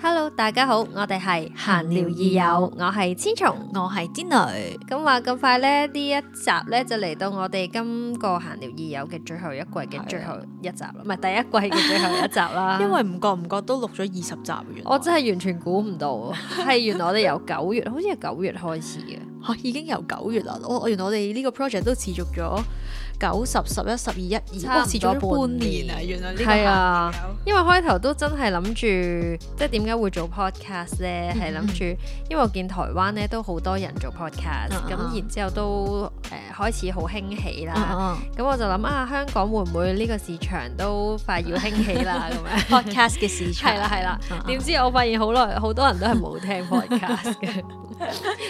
Hello，大家好，我哋係閒聊二友，我係千松，我係天女。咁話咁快呢，呢一集呢就嚟到我哋今個閒聊二友嘅最後一季嘅最後一集啦，唔係的第一季嘅最後一集啦。 因為唔覺唔覺都錄咗二十集完，我真係完全估唔到，係原來我哋由九月， 好似係九月開始嘅、 哦、已經由九月啦。我、哦、原來我哋呢個 project 都持續咗。九十十一十二一二，90, 10, 11, 12, 12, 差唔多半年啊！原來呢個係啊，因為開頭都真係諗住，即係點解會做 podcast 咧？係諗住，因為我見台灣咧都好多人做 podcast，咁、嗯啊、然之後都誒、呃、開始好興起啦。咁、嗯啊、我就諗啊，香港會唔會呢個市場都快要興起啦？咁、嗯啊、樣 podcast 嘅市場係啦係啦，點、 嗯啊、知我發現好耐好多人都係冇聽 podcast 嘅。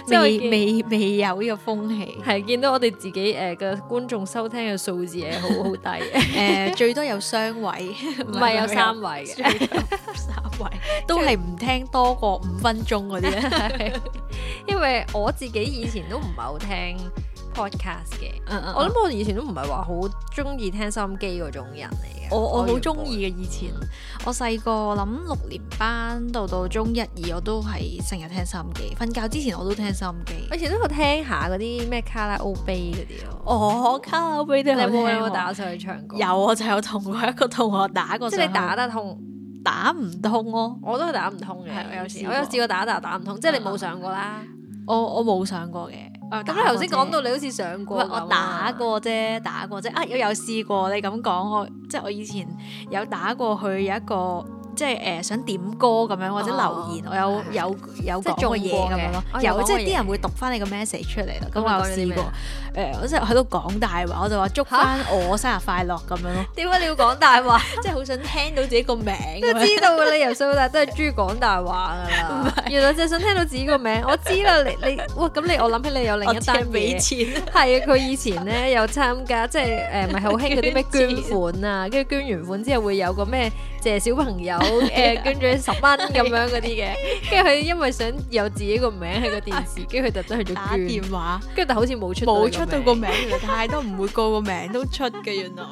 未未未有呢個風氣，係見到我哋自己誒嘅、呃、觀眾收聽嘅數字係好好低，誒、 呃、最多有雙位，唔係 是是有三位嘅，三位 都係唔聽多過五分鐘嗰啲，因為我自己以前都唔係好聽。podcast 嘅，我諗我以前都唔係話好中意聽收音機嗰種人嚟嘅。我我好中意嘅，以前我細個諗六年班到，到中一二，我都係成日聽收音機。瞓覺之前我都聽收音機。以前都有聽下嗰啲咩卡拉 OK 嗰啲哦，卡拉 OK 你有冇，有冇打上去唱歌？有我就有同過一個同學打過。即係你打得通，打唔通咯。我都係打唔通嘅。我有時我有試過打打打唔通，即係你冇上過啦。我我冇上過嘅。咁你頭先講到你好似上過。我打過啫，打過啫。啊，我有，有試過你這說，你咁講我，即係我以前有打過去有一個。即係誒、呃，想點歌咁樣，或者留言，哦、我有有有即係講嘢咁樣咯。有，有，有即係啲人會讀翻你個 message 出嚟啦。咁我又試過誒，即係喺度講大話，我就話祝翻我生日快樂咁、啊、樣咯。點解你會講大話？ 即係好想聽到自己個名。 都知道你由細到大都係中意講大話噶啦。 是原來就係想聽到自己個名。我知啦，你你哇咁你，我諗起你有另一單俾錢。係啊，佢以前咧有參加，即係誒，唔係好興嗰啲咩捐款啊，跟住捐，錢捐完款之後會有個咩？借小朋友誒捐咗十蚊咁樣嗰啲嘅，跟住佢因為想有自己個名喺個電視機，跟住佢特登去做電話，跟住但好似冇出冇出到個名，太多唔會個個名都出嘅。原來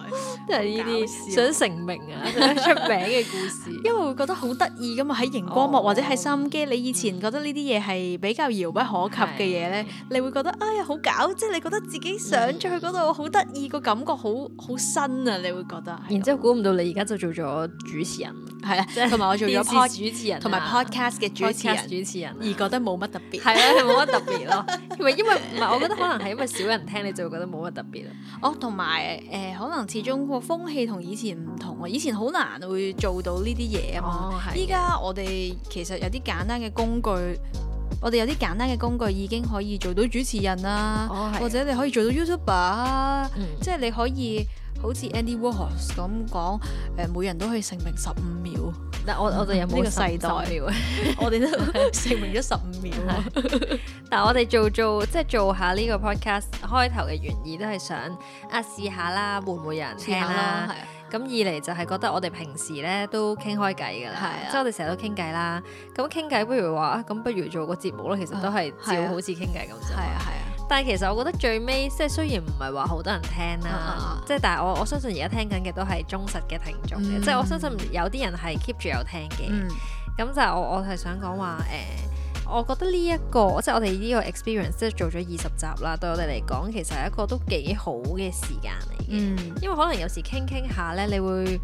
都係呢啲想成名啊，出名嘅故事。因為會覺得好得意㗎嘛。喺熒光幕或者喺心機，你以前覺得呢啲嘢係比較遙不可及嘅嘢咧，你會覺得哎呀好搞，即係你覺得自己上咗去嗰度好得意個感覺，好好新啊！你會覺得。然之後估唔到你而家就做咗主。主持人係啊，同埋我做咗電視主持人，同埋 podcast 嘅主持人，主持人而覺得冇乜特別，係啊，冇乜特別咯。因為唔係，我覺得可能係因為少人聽，你就會覺得冇乜特別咯。哦，同埋誒，可能始終個風氣同以前唔同啊，以前好難會做到呢啲嘢啊嘛。依家我哋其實有啲簡單嘅工具，我哋有啲簡單嘅工具已經可以做到主持人啦，或者你可以做到 YouTuber，即係你可以。好似 Andy Warhol 咁講，誒、呃，每人都可以成名十五秒。但我我哋有冇呢、嗯這個世代？代 我哋都成名咗十五秒。但係我哋做做即係做下呢個 podcast 開頭嘅原意都，都係想啊試下啦，會唔會有人聽啦、啊？咁二嚟就係覺得我哋平時咧都傾開偈噶啦，即係的我哋成日都傾偈啦。咁傾偈不如話咁，不如做個節目咯。其實都係照好似傾偈咁啫。係啊係啊。的但係其實我覺得最尾即係雖然唔係話好多人聽啦，即係、uh huh. 但係我我相信而家聽緊嘅都係忠實嘅聽眾嘅，mm hmm. 即係我相信有啲人係 keep 住有聽嘅。咁就、mm hmm. 我我係想講話誒，我覺得呢、這、一個、就是、個 ience, 即係我哋呢個 experience 即係做咗二十集啦，對我哋嚟講其實係一個都幾好嘅時間嚟嘅，mm hmm. 因為可能有時傾傾下咧，你會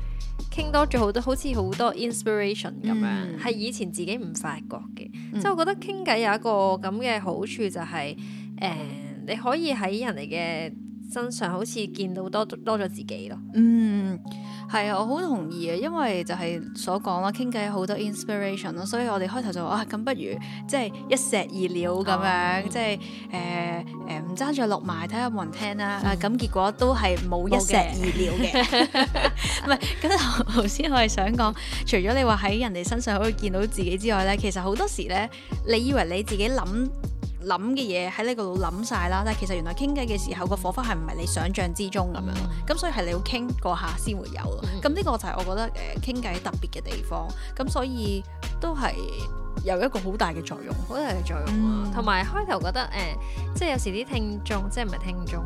傾多咗好多，好似好多 inspiration 咁樣，係、mm hmm. 以前自己唔發覺嘅。Mm hmm. 即係我覺得傾偈有一個咁嘅好處就係、是。誒，你可以喺人哋嘅身上好似見到多多咗自己咯。嗯，係啊，我好同意啊，因為就係所講啦，傾偈好多 inspiration 咯，所以我哋開頭就話，咁不如即係一石二鳥咁樣，即係誒誒唔爭著落埋睇下冇人聽啦。啊，咁結果都係冇一石二鳥嘅。唔係，咁頭先我係想講，除咗你話喺人哋身上可以見到自己之外咧，其實好多時咧，你以為你自己諗諗嘅嘢喺呢個度諗晒啦，但係其實原來傾偈嘅時候個火花係唔係你想像之中咁樣咯，咁、mm hmm. 所以係你要傾過下先會，會有，咁呢、mm hmm. 個就係我覺得誒傾偈特別嘅地方，咁所以都係有一個好大嘅作用，好大嘅作用啊，同埋、嗯、開頭覺得誒、呃，即係有時啲聽眾即係唔係聽眾。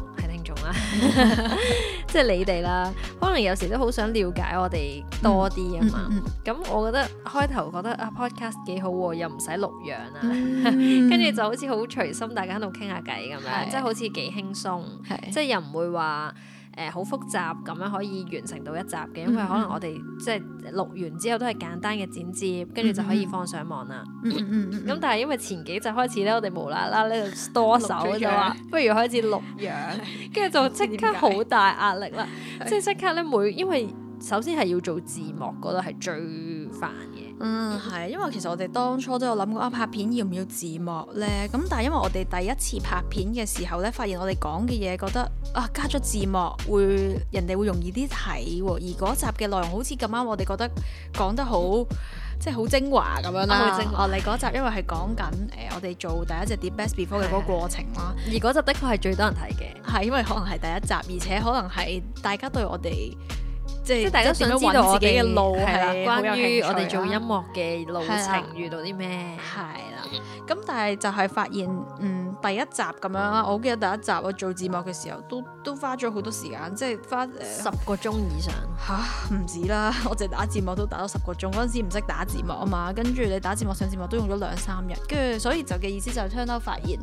即係你哋啦，可能有時都好想了解我哋多啲啊嘛。咁、嗯嗯嗯、我覺得開頭覺得啊，podcast 幾好、啊，又唔使錄樣啊，跟住、嗯、 就好似好隨心，大家喺度傾下偈咁樣，是即係好似幾輕鬆，是即係又唔會話。誒好、呃、複雜咁樣可以完成到一集嘅，因為可能我哋、嗯嗯、即係錄完之後都係簡單嘅剪接，跟住就可以放上網啦。咁但係因為前幾集開始咧，我哋無啦啦咧度多手就話，不如開始錄樣，跟住 就即刻好大壓力啦。即係即刻咧每，因為首先係要做字幕，嗰度係最煩嘅。嗯，係，因為其實我哋當初都有諗過、啊、拍片要唔要字幕咧，咁但係因為我哋第一次拍片嘅時候咧，發現我哋講嘅嘢，覺得啊加咗字幕會人哋會容易啲睇，而嗰集嘅內容好似咁啱我哋覺得講得好即係好精華咁樣啦。哦、啊啊啊，你嗰集因為係講緊誒我哋做第一隻碟 Best Before 嘅嗰個過程啦，的而嗰集的確係最多人睇嘅，係因為可能係第一集，而且可能係大家對我哋。即係大家都想知道自己嘅路係關於我哋做音樂嘅路， 路程遇到啲咩係啦。咁但係就係發現，嗯，第一集咁樣啦。我記得第一集我做字幕嘅時候，都都花咗好多時間，即係花呃、十個鐘以上嚇啊、唔止啦。我淨係打字幕都打咗十個鐘，嗰陣時，唔識打字幕啊嘛。 跟住你打字幕上字幕都用咗兩三日，跟住所以就嘅意思就係聽到發現。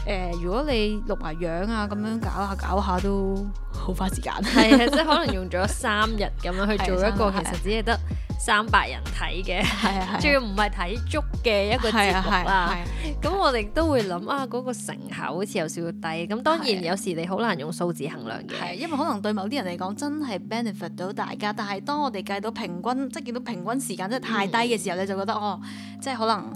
誒、呃，如果你錄埋樣啊，咁樣搞下搞下都好花時間。係 啊，即係可能用咗三日咁樣去做一個，其實只係得三百人睇嘅，啊，仲要唔係睇足嘅一個節目啦。咁我哋都會諗啊，嗰個成效好似有少少低。咁當然有時你好難用數字衡量嘅。係、啊啊，因為可能對某啲人嚟講真係 benefit 到大家，但係當我哋計到平均，即係見到平均時間真係太低嘅時候，嗯、你就覺得哦，即係可能。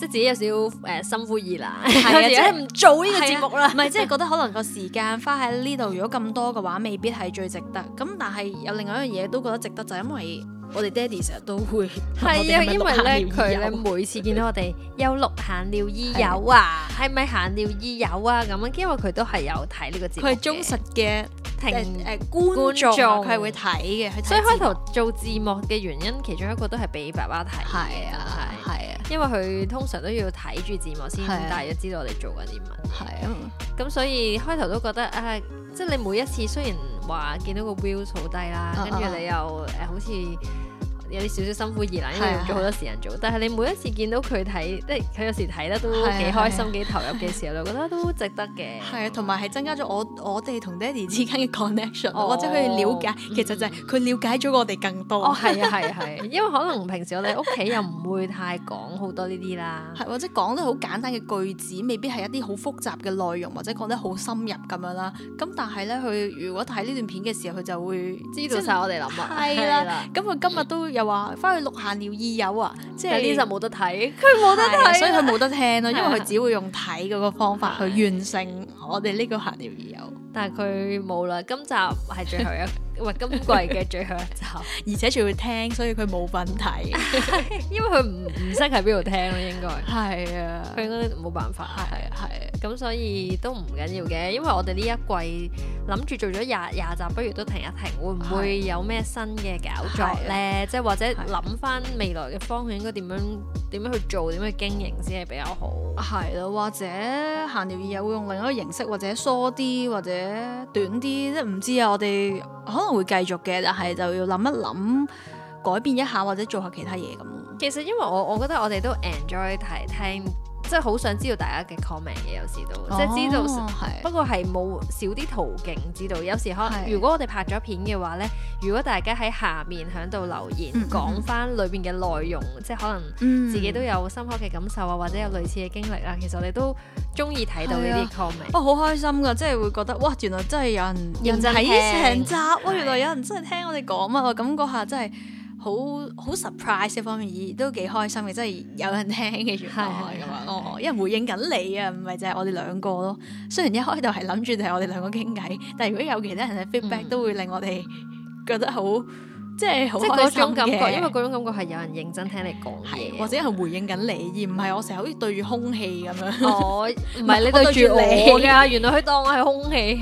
即係自己有少少、呃、心灰意冷，或者唔做呢個節目啦。唔係、 啊、 即係覺得可能個時間花喺呢度，如果咁多嘅話，未必係最值得。咁但係有另外一樣嘢都覺得值得，就係、是、因為我哋爹哋成日都會係啊，因為咧佢咧每次見到我哋又錄閒聊二友啊，係咪閒聊二友啊？咁啊，因為佢都係有睇呢個節目，佢係忠實嘅。即係誒，觀眾佢會睇嘅，所以開頭做字幕嘅原因，其中一個都係俾爸爸睇嘅，係啊，係、就是、啊，因為佢通常都要睇住字幕先，大概知道我哋做緊啲乜，係啊，咁、嗯啊、所以開頭都覺得啊，即係你每一次雖然話見到個 views 好低啦，跟住、uh huh. 你又誒、啊、好似。有啲少少辛苦意啦，因為用咗好多時間做。係啊、係但係你每一次見到佢睇，即係佢有時睇得都幾開心、幾、啊、投入嘅時候，就、啊、覺得都值得嘅。係啊，同埋係增加咗我我哋同爹哋之間嘅 connection、哦、或者佢了解，嗯、其實就係佢了解咗我哋更多。哦，係啊，係係、就係。 因為可能平時我哋屋企又唔會太講好多呢啲啦。或者講得好簡單嘅句子，未必係一啲好複雜嘅內容，或者講得好深入咁樣啦。咁但係咧，佢如果睇呢段片嘅時候，佢就會知道曬我哋諗啊。係啦。咁佢今日都又話返去錄《閒聊二友》啊，即係是呢集冇得睇，佢冇得睇、啊，所以佢冇得聽咯、啊， 因為佢只會用睇嗰個方法去完成我哋呢個閒聊二友。 但係佢冇啦，今集係最後一。 今季嘅最後一集， 而且仲要聽，所以佢冇問題， 因為佢唔唔識喺邊度聽咯，應該。係啊，佢都冇辦法，係啊， 係啊，咁所以都唔緊要嘅，因為我哋呢一季諗住做咗廿廿集，不如都停一停，會唔會有咩新嘅搞作咧？即係的或者諗翻未來嘅方向應該點樣點樣去做，點樣經營先係比較好？係咯，或者閒聊二友會用另一個形式，或者疏啲，或者短啲，即係唔知啊！我哋可能。啊會繼續嘅，但係就要諗一諗，改變一下或者做下其他嘢咁。其實因為我我覺得我哋都 enjoy 提聽。即係好想知道大家嘅 comment 嘅，有時都即係知道，不過係冇少啲途徑知道。有時可能如果我哋拍咗片嘅話呢，如果大家喺下面響度留言講翻裏面嘅內容，嗯、即係可能自己都有深刻嘅感受啊，或者有類似嘅經歷啊，嗯、其實我哋都中意睇到呢啲 comment。不過、啊，好開心㗎！即係會覺得哇，原來真係有人認真成集聽原來有人真係聽我哋講乜啊？是感覺下真係～好好 surprise 呢方面，亦都幾開心嘅，即係有人聽嘅原來咁樣，的哦，因為回應緊你啊，唔係就係我哋兩個咯。雖然一開頭係諗住就係我哋兩個傾偈，但係如果有其他人嘅 feedback，、嗯、都會令我哋覺得好，即係好，即係嗰種感覺，因為嗰種感覺係有人認真聽你講嘢，或者係回應緊你，而唔係我成日好似對住空氣咁樣。哦，唔係你對住我噶， 原來佢當我係空氣。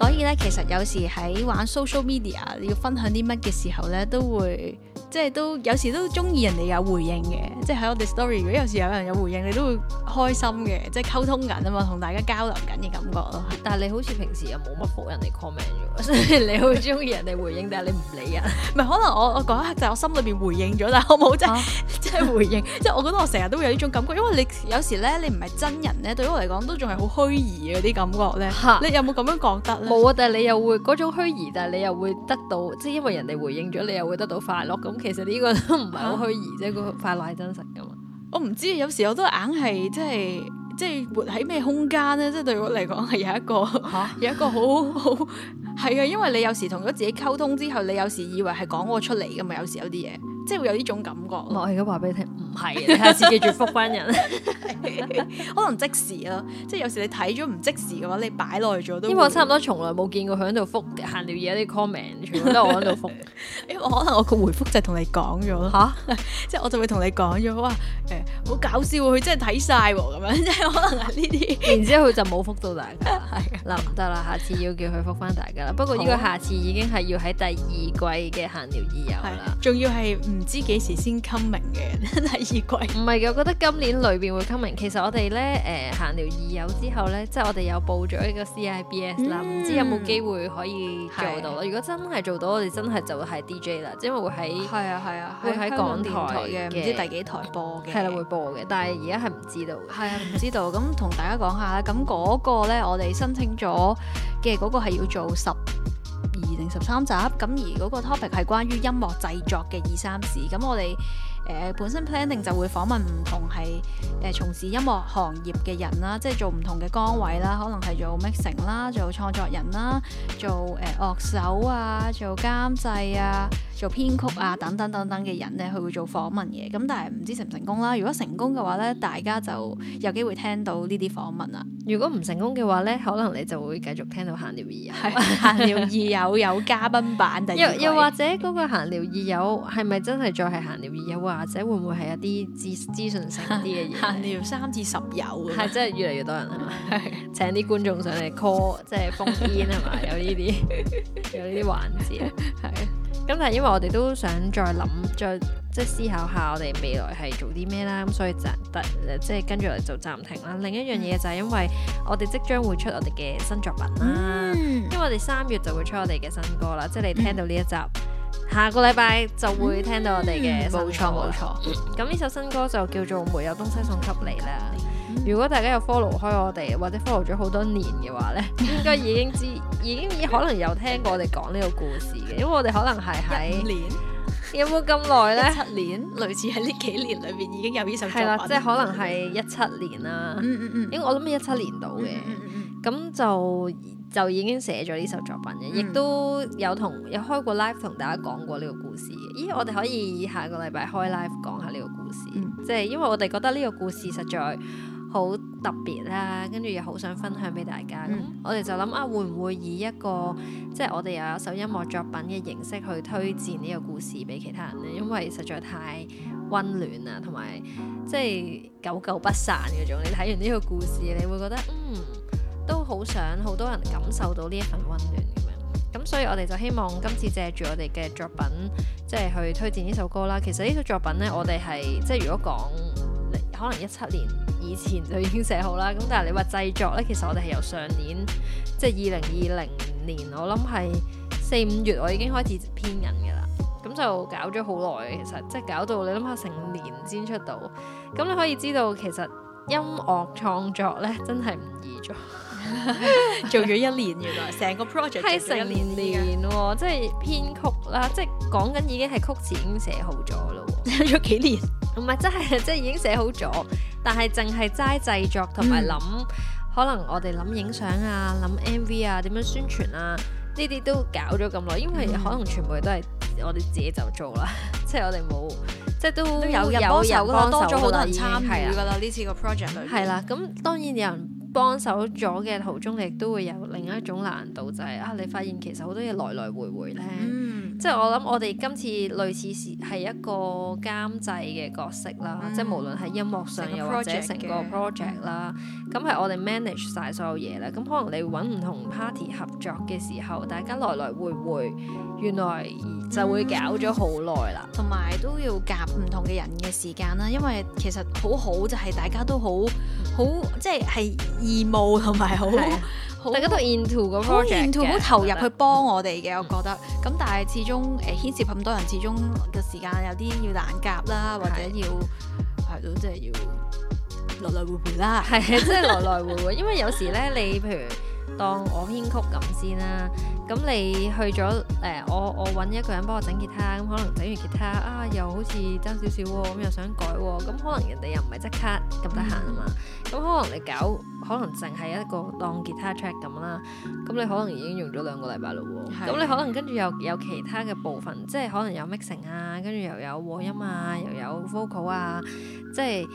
所以咧，其實有時喺玩 social media 你要分享啲乜嘅時候咧，都會即係都有時都中意人哋有回應嘅，即係喺我哋 story，如果有時有人有回應，你都會開心嘅，即係溝通緊啊嘛，同大家交流緊嘅感覺咯。但係你好似平時又冇乜報人哋 comment。所以你好中意人哋回應，但係你唔理人？唔係，可能我我嗰一刻就我心裏邊回應咗，但係我冇即係即係回應， 即係我覺得我成日都會有呢種感覺，因為你有時咧你唔係真人咧，對我嚟講都仲係好虛擬嗰啲感覺咧。嚇哈！你有冇咁樣覺得咧？冇啊，但係你又會嗰種虛擬，但係你又會得到，即係因為人哋回應咗，你又會得到快樂。咁其實呢個都唔係好虛擬啫，個、啊、快樂係真實噶嘛。我唔知有時我都硬係即係。即係活喺咩空間呢？即係對我嚟講係有一個，有一個好好係啊！因為你有時同咗自己溝通之後，你有時以為係講我出嚟㗎嘛，有時有啲嘢。即係會有呢種感覺。我而家話俾你聽，唔係，你下次記住覆返人。可能即時咯，即係有時你睇咗唔即時嘅話，你擺耐咗都。因為我差唔多從來冇見過佢喺度覆閒聊二友啲 comment，全部都我喺度覆。因為、 欸、可能我個回覆就係同你講咗咯。嚇、啊！即係我就會同你講咗，哇！誒、欸，好搞笑，佢真係睇晒喎，咁樣即係可能係呢啲。 然之後佢就冇覆到大家。係。嗱，唔得啦，下次要叫佢覆返大家啦。不過呢個下次已經係要喺第二季嘅閒聊二友啦。仲好要係唔知幾時先 coming 嘅 第二季。唔係嘅，我覺得今年裏邊會 coming。其實我哋咧，誒閒聊二友之後咧，即係我哋有報咗一個 CIBS 啦，唔、嗯、知有冇機會可以做到咯？啊、如果真係做到，我哋真係就會係 DJ 啦，即係會喺係啊係啊，啊會喺香港電台嘅，唔知第幾台播嘅，係啦、啊、會播嘅，但係而家係唔知道嘅，係啊唔知道。咁同大家講下啦，咁嗰個咧我哋申請咗嘅嗰個係要做十。二零十三集，咁而嗰個 topic 係關於音樂製作嘅二三事。咁我哋誒、呃、本身 planning 就會訪問唔同係誒、呃、從事音樂行業嘅人啦，即係做唔同嘅崗位啦，可能係做 mixing 啦，做創作人啦，做誒、呃、樂手啊，做監製啊。做編曲啊，等等等等嘅人咧，佢會做訪問嘅，咁但係唔知成唔成功啦。如果成功嘅話咧，大家就有機會聽到呢啲訪問啦。如果唔成功嘅話咧，可能你就會繼續聽到閒聊二友，閒聊二友有嘉賓版又。又或者嗰個閒聊二友係咪真係再係閒聊二友，或者會唔會係一啲資資訊性啲嘅嘢？閒聊三至十友，係真係越嚟越多人係嘛？ 請啲觀眾上嚟 call，即係封篇係嘛？有呢啲有呢啲環節係。 咁但係因為我哋都想再諗，再即係思考下我哋未來係做啲咩啦，咁所以就得即係跟住嚟就暫停啦。另一樣嘢就係因為我哋即將會出我哋嘅新作品啦，嗯、因為我哋三月就會出我哋嘅新歌啦，即係你聽到呢一集，嗯、下個禮拜就會聽到我哋嘅，冇錯冇錯。咁呢首新歌就叫做沒有東西送給你啦。如果大家有 follow 開我哋或者 follow 咗好多年嘅話咧，應該已經知，已經可能有聽過我哋講呢個故事嘅，因為我哋可能係喺一五年，有冇咁耐咧？一七年，類似喺呢幾年裏邊已經有呢首作品啦，即係可能係一七年啦。嗯嗯嗯，因為我諗一七年到嘅，咁、嗯嗯嗯嗯嗯、就就已經寫咗呢首作品嘅，亦、嗯嗯、都有同有開過 live 同大家講過呢個故事嘅。咦，我哋可以下個禮拜開 live 講下呢個故事，即係、嗯、因為我哋覺得呢個故事實在。好特別啦、啊，跟住又好想分享俾大家。嗯、我哋就諗啊，會唔會以一個即係我哋又有一首音樂作品嘅形式去推薦呢個故事俾其他人呢？因為實在太溫暖啦，同埋即係久久不散嗰種。你睇完呢個故事，你會覺得嗯，都好想好多人感受到呢一份溫暖咁樣。咁所以我哋就希望今次借住我哋嘅作品，即係去推薦呢首歌啦。其實呢個作品呢，我哋係即係如果講。可能一七年以前就已經寫好啦，咁但係你話製作呢，其實我哋係由上年，即係二零二零年，我諗係四五月，我已經開始編緊嘅啦。咁就搞咗好耐，其實即係搞到你諗下成年先出到。咁你可以知道其實音樂創作呢，真係唔易做。做咗一年，原來成個 project 係成年，年，年、啊、即係編曲啦、啊，即係講緊已經係曲詞已經寫好咗咯，用咗 幾年。唔係，真係即係已經寫好咗，但係淨係齋製作同埋諗，嗯、可能我哋諗影相啊，諗 MV 啊，點樣宣傳啊，呢啲都搞咗咁耐，因為可能全部都係我哋自己就做啦，即係我哋冇，即係都有都有有，有多咗好多人參與㗎啦，呢次個 project 裏面。係啦，咁當然有人。幫手咗嘅途中，亦都會有另一種難度，就係、是、啊，你發現其實好多嘢來來回回咧。嗯、即係我諗，我哋今次類似是係一個監製嘅角色啦，嗯、即係無論係音樂上又或者成個 project 啦，咁係、嗯、我哋 manage 晒所有嘢啦。咁可能你揾唔同 party 合作嘅時候，大家來來回回，嗯、原來就會搞咗好耐啦。同埋、嗯、都要夾唔同嘅人嘅時間啦，因為其實好好就係、是、大家都好。好即係義務同埋好，對很大家都 into 個 project 好投入去幫我哋嘅，我覺得。咁 但係始終誒牽涉咁多人，始終嘅時間有啲要難夾啦，或者要係咯，即係對要對來來回回啦。係即係來來回回， 因為有時咧，你譬如。當我編曲咁先啦，咁你去咗誒、呃，我我搵一個人幫我整吉他，咁可能整完吉他啊，又好似爭少少喎，咁又想改喎，咁、啊、可能人哋又唔係即刻咁得閒啊嘛，咁可能你搞可能淨係一個當吉他 track 咁啦，咁、啊、你可能已經用咗兩個禮拜咯，咁的你可能跟住又有，有其他嘅部分，即係可能有 mixing 啊，跟住又有和音啊，又有 vocal 啊。即係誒、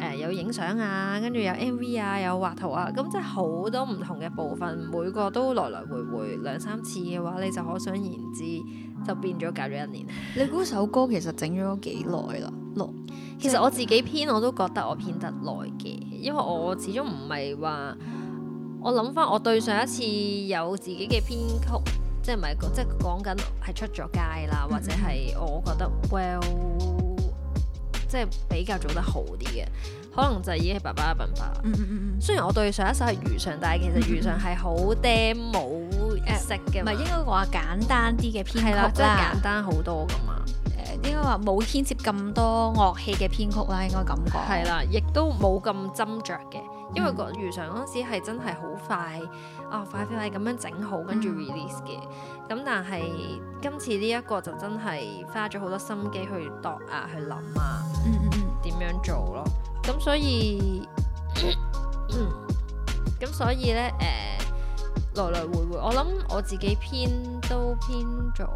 呃、有影相啊，跟住有 MV 啊，有畫圖啊，咁、嗯、即係好多唔同嘅部分，每個都來來回回兩三次嘅話，你就可想而知就變咗隔咗一年。你估首歌其實整咗幾耐啦？六。其實我自己編我都覺得我編得耐嘅，因為我始終唔係話我諗翻我對上一次有自己嘅編曲，即係唔係即係講緊係出咗街啦，或者係我覺得 Well。即係比較做得好啲嘅，可能就已經係爸爸嘅文化。嗯嗯嗯嗯。雖然我對上一首係餘常，但係其實餘常係好 demo 式嘅，唔係、呃、應該話簡單啲嘅編曲啦，啦即係簡單好多噶嘛。誒、呃、應該話冇牽涉咁多樂器嘅編曲啦，應該咁講。係啦，亦都冇咁斟酌嘅。因為個如常嗰陣時係真係好快啊、哦，快快快咁樣整好，跟住 release 嘅。咁、嗯、但係今次呢一個就真係花咗好多心機去度啊，去諗啊，嗯，點樣做咯。咁所以，咁、嗯嗯、所以呢，誒、呃，來來回回，我諗我自己編都編咗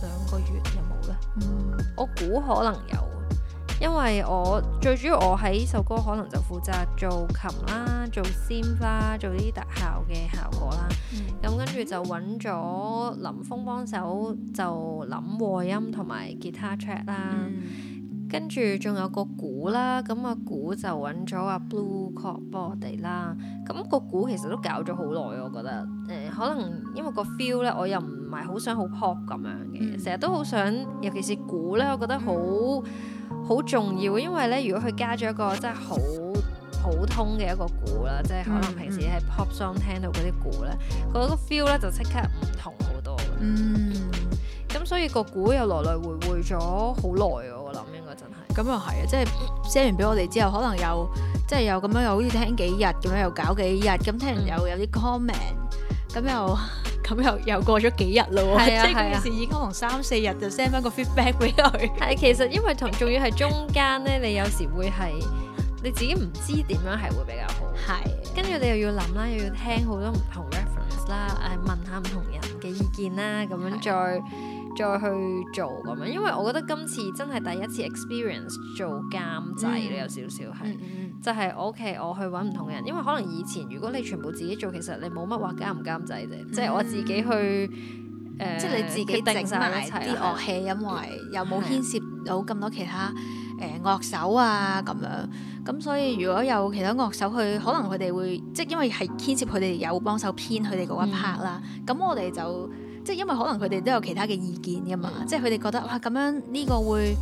兩個月有冇咧？嗯、我估可能有。因為我最主要我喺呢首歌可能就負責做琴啦、做鮮花、做啲特效嘅效果啦。咁、嗯、跟住就揾咗林峰幫手，就諗和音同埋吉他 check 啦。嗯、跟住仲有個鼓啦，咁、嗯、個鼓就揾咗阿 Blue Corp 幫我哋啦。咁、個鼓其實都搞咗好耐，我覺得誒、嗯，可能因為個 feel 呢，我又唔係好想好 pop 咁樣嘅，成日、嗯、都好想，嗯、尤其是鼓呢，我覺得好，嗯好重要，因為咧，如果佢加咗一個真係好普通嘅一個鼓啦，嗯、即係可能平時喺 pop song 聽到嗰啲鼓咧，嗰個 feel 咧就即刻唔同好多。嗯，咁、嗯、所以個鼓又來來回回咗好耐嘅，我諗應該真係。咁又係啊，即係 send 完俾我哋之後，可能又即係又咁樣，又好似聽幾日咁樣，又搞幾日，咁、嗯、聽完又有啲 comment，咁又。咁又又過咗幾日咯喎， 即係嗰件事已經可能三四日就 send 翻個 feedback 俾佢，係 其實因為同仲要係中間咧，你有時會係你自己唔知點樣係會比較好。係。跟 住你又要諗啦，又要聽好多唔同 reference 啦，誒問下唔同人嘅意見啦，咁樣再 再去做咁樣，因為我覺得今次真係第一次 experience 做監製咧，有少少係。嗯嗯嗯就係我屋企，我去揾唔同人，因為可能以前如果你全部自己做，其實你冇乜話監唔監製啫。嗯、即係我自己去，誒、呃，即係你自己整埋啲樂器因為，又冇牽涉到咁多其他誒樂手啊咁樣。咁所以如果有其他樂手去，可能佢哋會，即係因為係牽涉佢哋有幫手編佢哋嗰一 part 啦。咁、嗯、我哋就即係因為可能佢哋都有其他嘅意見噶嘛，即係佢哋覺得哇咁、啊、樣呢個會。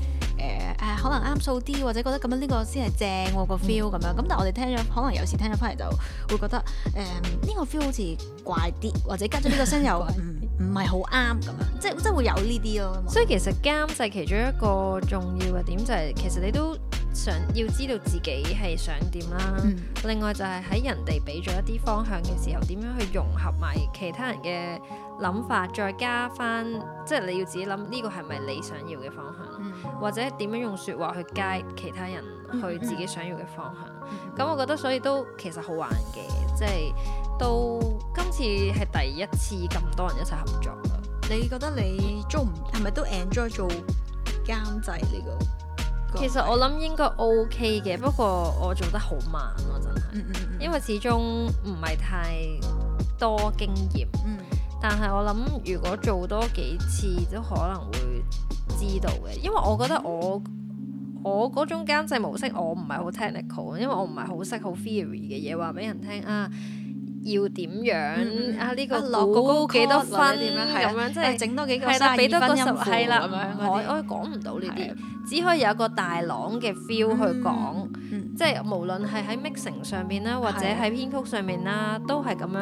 可能啱數啲，或者覺得咁樣呢個先係正個 feel 咁樣。咁但係我哋聽咗，可能有時聽咗翻嚟就會覺得，誒、嗯、呢、呢個 feel 好似怪啲，或者跟咗呢個聲又唔唔係好啱咁樣。即係即係會有呢啲咯。所以其實監製就其中一個重要嘅點、就係，就係、嗯、其實你都。想要知道自己係想點啦，嗯、另外就係喺人哋俾咗一啲方向嘅時候，點、嗯、樣去融合埋其他人嘅諗法，再加翻，即、就、係、是、你要自己諗呢個係咪你想要嘅方向，嗯、或者點樣用説話去 guide、嗯、其他人去自己想要嘅方向。咁、嗯嗯、我覺得所以都其實好玩嘅，即、就、係、是、到今次係第一次咁多人一齊合作。你覺得你做唔係咪都 enjoy 做監製呢、這個？其實我諗應該 OK 嘅，不過我做得好慢咯、啊，真係，因為始終唔係太多經驗。 但係我諗如果做多幾次都可能會知道嘅，因為我覺得我我嗰種監製模式我唔係好 technical，因為我唔係好識好 theory 嘅嘢話俾人聽啊。要點樣啊？呢個高高幾多分？咁樣即係整多幾個三十二分音符，係啦。我唉講唔到呢啲，只可以有一個大朗嘅 feel 去講，即係無論係喺 mixing 上邊啦，或者喺編曲上面啦，都係咁樣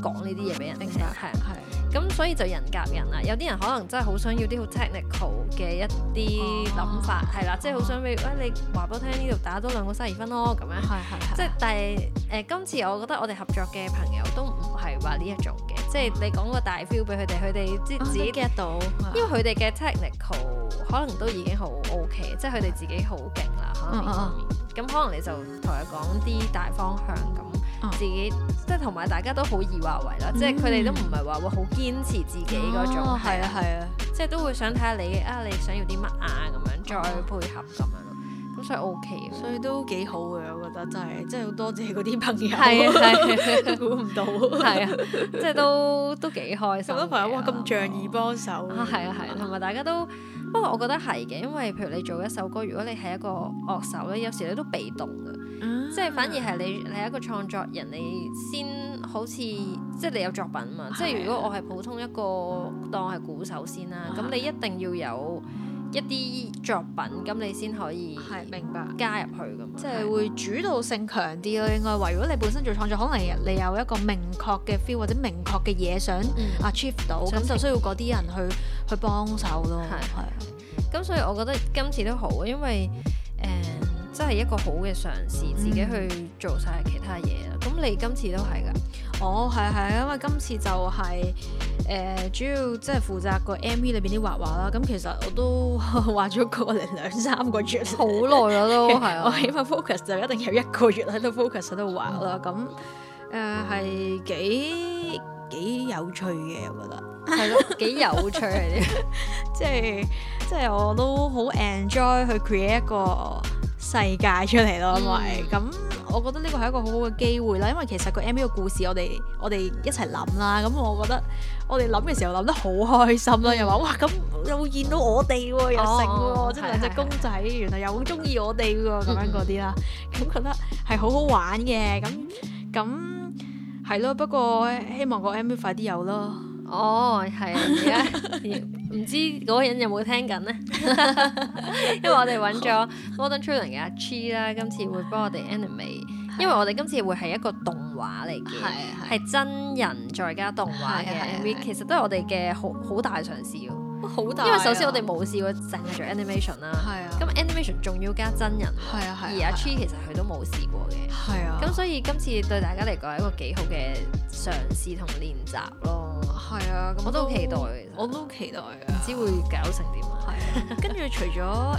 講呢啲嘢俾人聽。係啊，係。咁所以就人夾人啦，有啲人可能真係好想要啲好 technical 嘅一啲諗法，係啦，即係好想俾餵你話俾我聽呢度打多兩個三十二分咯，咁樣，係係係，即係但係誒，今次我覺得我哋合作嘅朋友都唔係話呢一種嘅，即係你講個大 feel 俾佢哋，佢哋知自己 get 到，因為佢哋嘅 technical 可能都已經好 OK，即係佢哋自己好勁啦，可能呢方面，咁可能你就同佢講啲大方向咁，自己。同埋大家都好易話為咯，即係佢哋都唔係話會好堅持自己嗰種，係啊係啊，即係都會想睇下你啊，你想要啲乜啊咁樣再配合咁樣咯。咁所以 O K，所以都幾好嘅，我覺得真係真係好多謝嗰啲朋友，係啊係啊，都估唔到，係啊，即係都都幾開心，好多朋友哇咁仗義幫手，係啊係，同埋大家都不過我覺得係嘅，因為譬如你做一首歌，如果你係一個樂手咧，有時你都被動嘅。即係反而係你你係一個創作人，你先好似即係你有作品嘛。的即係如果我係普通一個當係鼓手先啦，咁的你一定要有一啲作品，咁你先可以係明白加入去噶的即係會主導性強啲咯，應該對。話如果你本身做創作，可能你有一個明確嘅 feel 或者明確嘅嘢想 achieve 到，咁、嗯、就需要嗰啲人去去幫手咯。係係。請。咁 所以我覺得今次都好，因為誒。呃都係一個好嘅嘗試，自己去做晒其他嘢咁、嗯、你今次都係噶？哦，係係，因為今次就係、係、誒、呃、主要即係負責個 MV 裏邊啲畫畫啦。咁其實我都畫咗個零兩三個月，好耐啦都係我起碼 focus 就一定有一個月喺度 focus 喺度畫啦。咁誒係幾幾有趣嘅，我覺得係咯，幾有趣嘅，即係即係我都好 enjoy 去 create 一個。世界出嚟咯，咪咁，嗯？我覺得呢個係一個好好嘅機會啦，因為其實個 M V 嘅故事我，我哋我哋一齊諗啦。咁我覺得我哋諗嘅時候諗得好開心啦，嗯、又話哇咁又會見到我哋喎，啊、又、哦、成喎，啊，即係、哦、兩隻公仔，對對對原來又好中意我哋喎，啊，咁樣嗰啲啦，咁、嗯、覺得係好好玩嘅。咁咁係咯，不過希望個 M V 快啲有咯。哦，係啊！而家唔知嗰個人有冇聽緊呢？ 因為我哋揾咗 Modern Children 嘅阿 Chi 啦，今次會幫我哋 animate， 因為我哋今次會係一個動畫嚟嘅，係 真人再加動畫嘅 MV， 其實都係我哋嘅好好大嘗試咯， 大啊、因為首先我哋冇試過淨係做 animation 啦，咁 是、啊、animation 仲要加真人， 是啊、而阿 Chi 其實佢都冇試過嘅，咁所以今次對大家嚟講係一個幾好嘅嘗試同練習咯。係啊，我我，我都期待，啊，我都期待，唔知會搞成點 啊！係，跟住除咗誒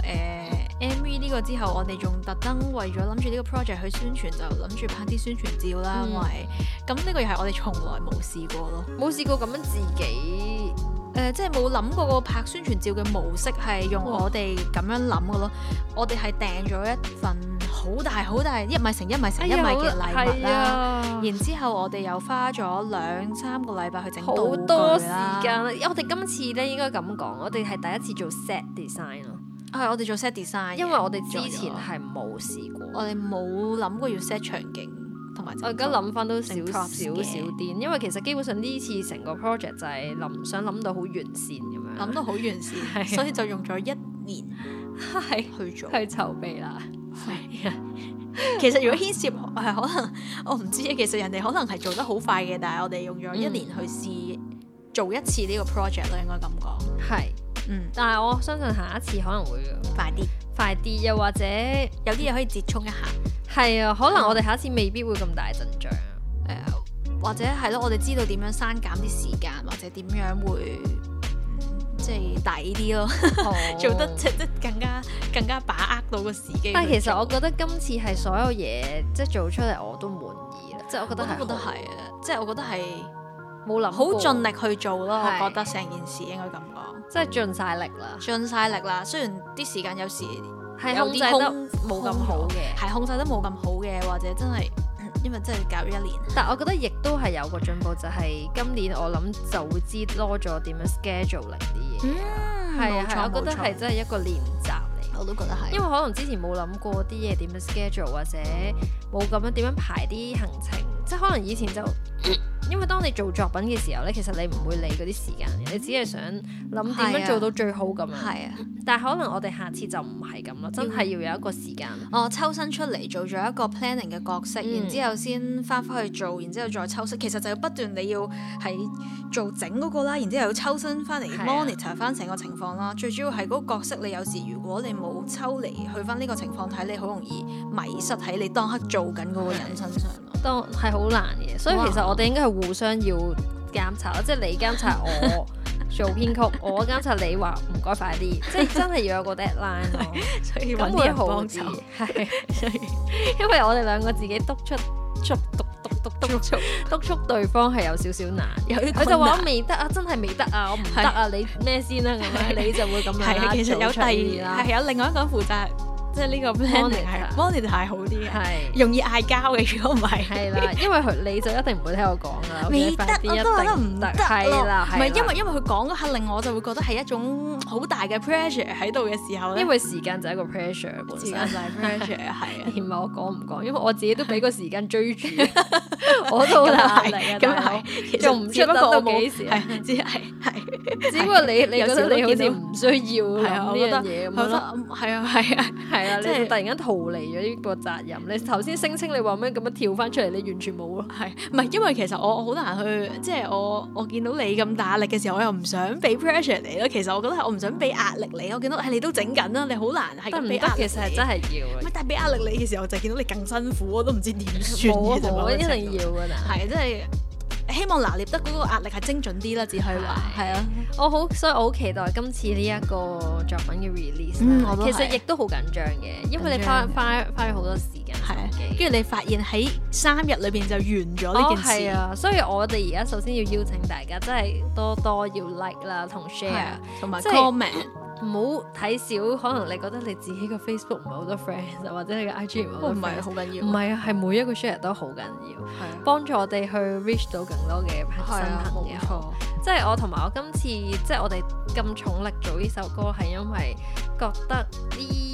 MV 呢個之後，我哋仲特登為咗諗住呢個 project 去宣傳，就諗住拍啲宣傳照啦。嗯、因為咁呢個又係我哋從來冇試過咯，冇試過咁樣自己誒、呃，即係冇諗過個拍宣傳照嘅模式係用我哋咁樣諗嘅咯。哇我哋係訂咗一份。好大好大，一米乘一米乘一米嘅禮物啦。然之後我哋又花咗兩三個禮拜去整道具啦。好多時間啊！因為我哋今次咧，應該咁講，我哋係第一次做 set design 咯。係我哋做 set design，因為我哋之前係冇試過，我哋冇諗過要 set 場景同埋。我而家諗翻都少少少啲，因為其實基本上呢次成個 project 就係諗想諗到好完善咁樣，諗到好完善，所以就用咗一年去做去籌備啦。係啊， 其實如果牽涉誒，可能我唔知啊。其實人哋可能係做得好快嘅，但係我哋用咗一年去試，嗯、做一次呢個 project 咯，應該咁講。係，嗯，但係我相信下一次可能會快啲點，快啲，啊，又或者有啲嘢可以折冲一下。係、嗯、啊，可能我哋下一次未必會咁大陣仗，誒、呃，或者係咯、啊，我哋知道點樣刪減啲時間，或者點樣會。即係抵啲咯，做得即係更加更加把握到個時機。但係其實我覺得今次係所有嘢 即係做出嚟我都滿意啦，即係我覺得係，即係我覺得係冇諗好盡力去做咯。 我覺得成件事應該咁講，即係盡晒力啦，盡晒力啦。雖然啲時間有時係控制得冇咁好嘅，係控制得冇咁好嘅，或者真係。因為真係教咗一年，但我覺得亦都係有個進步，就係、係、今年我諗就會知多咗點樣 scheduling 啲嘢。嗯，啊是，冇錯，我覺得係真係一個練習嚟。我都覺得係，因為可能之前冇諗過啲嘢點樣 schedule 或者冇咁樣點樣排啲行程，嗯、即係可能以前就。 因為當你做作品嘅時候咧，其實你唔會理嗰啲時間嘅，你只係想諗點樣做到最好咁樣。係啊，但係可能我哋下次就唔係咁咯，嗯、真係要有一個時間。我、哦、抽身出嚟做咗一個 planning 嘅角色，嗯、然之後先翻返去做，然之後再抽身。其實就要不斷你要係做整嗰個啦，然之後要抽身翻嚟、啊、monitor 翻成個情況啦。最主要係嗰個角色，你有時如果你冇抽離去翻呢個情況睇，你好容易迷失喺你當刻做緊嗰個人身上咯。當係好難嘅，所以其實我哋應該係。互相要監察，即係你監察我做編曲， 我監察你話唔該快啲， 即係真係要有個 deadline 咯 咁會好啲，係， 所以 因為我哋兩個自己督促、促督、督督督促對方係有少少難。 有佢就話我未得啊，真係未得啊，我唔得啊，對你咩先啦咁樣， 你就會咁樣。係，其實有第二啦，係有另外一個負，負責。即係呢個 Morning 係 Morning 太好啲，係容易嗌交嘅，如果唔係，係啦，因為你就一定唔會聽我講啦。唔得，我都覺得唔得。係啦，係咪因為因為佢講嗰下令我就會覺得係一種好大嘅 pressure 喺度嘅時候，因為時間就係一個 pressure，時間就係 pressure，係。唔係我講唔講？因為我自己都俾個時間追住，我都好係，咁係，仲唔知道到幾時？只知係，只不過你你覺得你好似唔需要呢樣嘢咁咯？係啊，係啊，係。即係、啊、突然間逃離咗呢個責任。你頭先聲稱你話咩咁樣跳翻出嚟，你完全冇咯。係唔係？因為其實我好難去，即係我我見到你咁大壓力嘅時候，我又唔想俾 pressure 你咯。其實我覺得係我唔想俾壓力你。我見到係，你都整緊啦，你好難係。得唔得？其實係真係要、啊。但係俾壓力你嘅時候，就見到你更辛苦，我都唔知點算而已而已。我、 啊、我一定要㗎喇，係即係。希望拿捏得個壓力係精準啲啦，只可以話係啊！我好，所以我好期待今次呢一個作品嘅 release。嗯，我都係。其實亦都好緊張嘅，因為你花花花咗好多時。係啊，跟住你發現喺三日裏邊就完咗呢件事。啊、哦，所以我哋而家首先要邀請大家，真、就、係、是、多多要 like 啦，同 share，同埋 comment，唔好睇少、就是。可能你覺得你自己個 Facebook 唔係好多 friend，、嗯、或者你嘅 IG 唔係好緊要，唔係啊，係、啊、每一個 share 都好緊要，幫的助我哋去 reach 到更多嘅新朋友。即係我同埋我今次即係、就是、我哋咁重力做呢首歌，係因為覺得呢。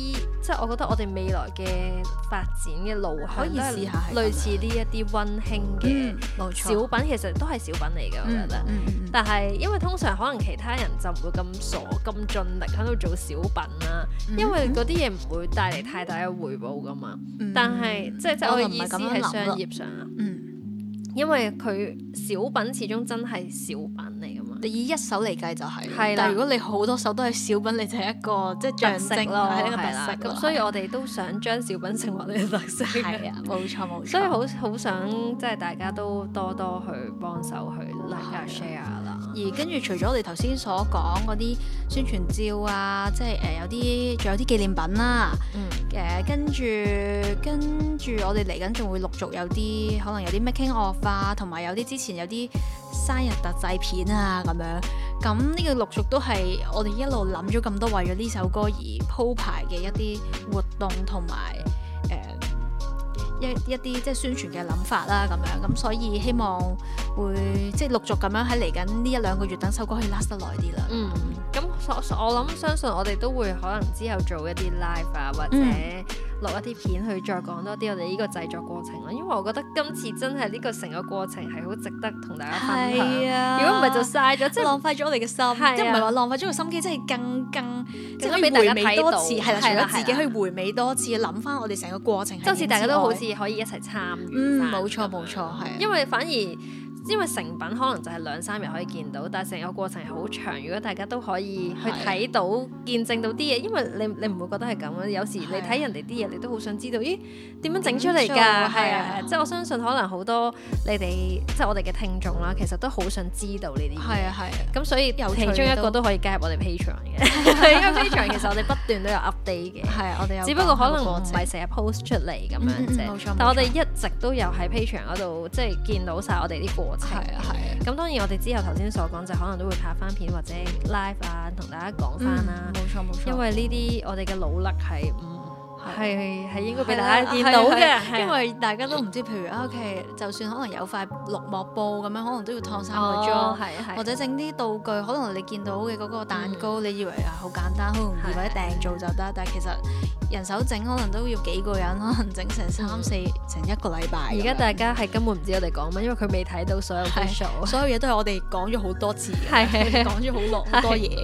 即係我覺得我哋未來嘅發展嘅路向可以試下類似呢一啲溫馨嘅小品，其實都係小品嚟嘅。嗯、我覺得，嗯嗯嗯、但係因為通常可能其他人就唔會咁傻咁、嗯、盡力喺度做小品啦、啊，嗯、因為嗰啲嘢唔會帶嚟太大嘅回報㗎嘛。但係即係即係我嘅意思係商業上啊，嗯、因為佢小品始終真係小品嚟。你以一首嚟計就係，但係如果你好多首都係小品，你就一個即係象式咯，係啦。咁所以我哋都想將小品成為你嘅特色，係啊，冇錯冇錯。所以好好想即係大家都多多去幫手去 share 啦。而跟住，除咗我哋頭先所講嗰啲宣傳照啊，即係誒、呃、有啲，仲有啲紀念品啦、啊。嗯、呃。誒，跟住跟住，我哋嚟緊仲會陸續有啲，可能有啲 making of 啊，同埋有啲之前有啲生日特製片啊咁樣。咁呢個陸續都係我哋一路諗咗咁多，為咗呢首歌而鋪排嘅一啲活動同埋誒一一啲即係宣傳嘅諗法啦、啊、咁樣。咁所以希望會即係陸續咁樣喺嚟緊呢一兩個月，等首歌可以 last 得耐啲啦。咁我諗相信我哋都會可能之後做一啲 live 啊，或者錄一啲片去再講多啲我哋呢個製作過程咯。因為我覺得今次真係呢個成個過程係好值得同大家分享。如果唔係就嘥咗，即係浪費咗我哋嘅心。即唔係話浪費咗個心機，真係更更，即係俾大家睇多次，係啦，除咗自己去回味多次，諗翻我哋成個過程，即係好似大家都好似可以一齊參與。冇錯冇錯，係因為反而。因為成品可能就係兩三日可以見到，但係成個過程係好長。如果大家都可以去睇到、見證到啲嘢，因為你你唔會覺得係咁。有時你睇人哋啲嘢，你都好想知道，咦，點樣整出嚟㗎？係啊，即係我相信可能好多你哋即係我哋嘅聽眾啦，其實都好想知道呢啲嘢。係啊，係啊。咁所以有其中一個都可以加入我哋 Patreon 嘅，其實我哋不斷都有 update 嘅。只不過可能我唔係成日 post 出嚟咁樣啫。但我哋一直都有喺 Patreon 度，即係見到晒我哋啲過係啊，係啊。咁當然我哋之後頭先所講就可能都會拍翻片或者 live 啊，同大家講翻啦。冇錯，冇錯。因為呢啲我哋嘅努力係唔。嗯係，係應該俾大家見到嘅，因為大家都唔知，譬如喺屋企，就算可能有塊綠幕布咁樣，可能都要燙三個鐘，或者整啲道具，可能你見到嘅嗰個蛋糕，你以為啊好簡單，好容易或者訂做就得，但係其實人手整可能都要幾個人，可能整成三四成一個禮拜。而家大家係根本唔知我哋講乜，因為佢未睇到所有嘅 s 所有嘢都係我哋講咗好多次，係講咗好耐好多嘢。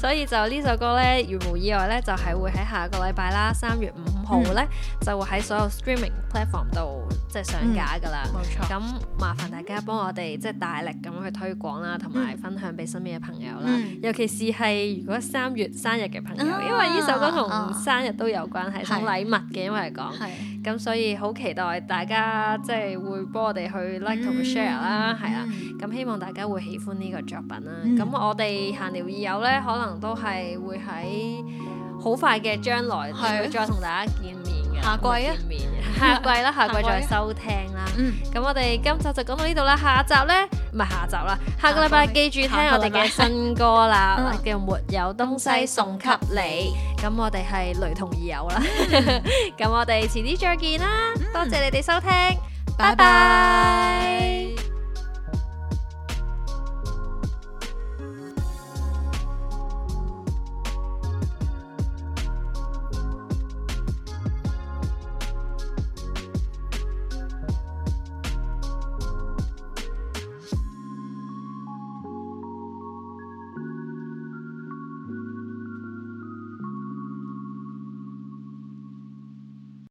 所以就呢首歌呢，如無意外呢，就係會喺下個禮拜啦，三月五。五號咧就會喺所有 streaming platform 度即係上架㗎啦，冇錯。咁麻煩大家幫我哋即係大力咁去推廣啦，同埋分享俾身邊嘅朋友啦。尤其是係如果三月生日嘅朋友，因為呢首歌同生日都有關係，送禮物嘅因為嚟講，咁所以好期待大家即係會幫我哋去 like 同 share 啦，係啊。咁希望大家會喜歡呢個作品啦。咁我哋閒聊二友咧，可能都係會喺。好快嘅將來會的再同大家見面嘅，下季啊，下季啦，下季再收聽啦。咁、嗯、我哋今集就講到呢度啦，下集呢？唔係下集啦，下個禮拜記住聽我哋嘅新歌啦、嗯、叫「沒有東西送給你」。咁、嗯、我哋係閒聊二友啦。咁 我哋遲啲再見啦，嗯、多謝你哋收聽，拜拜。拜拜。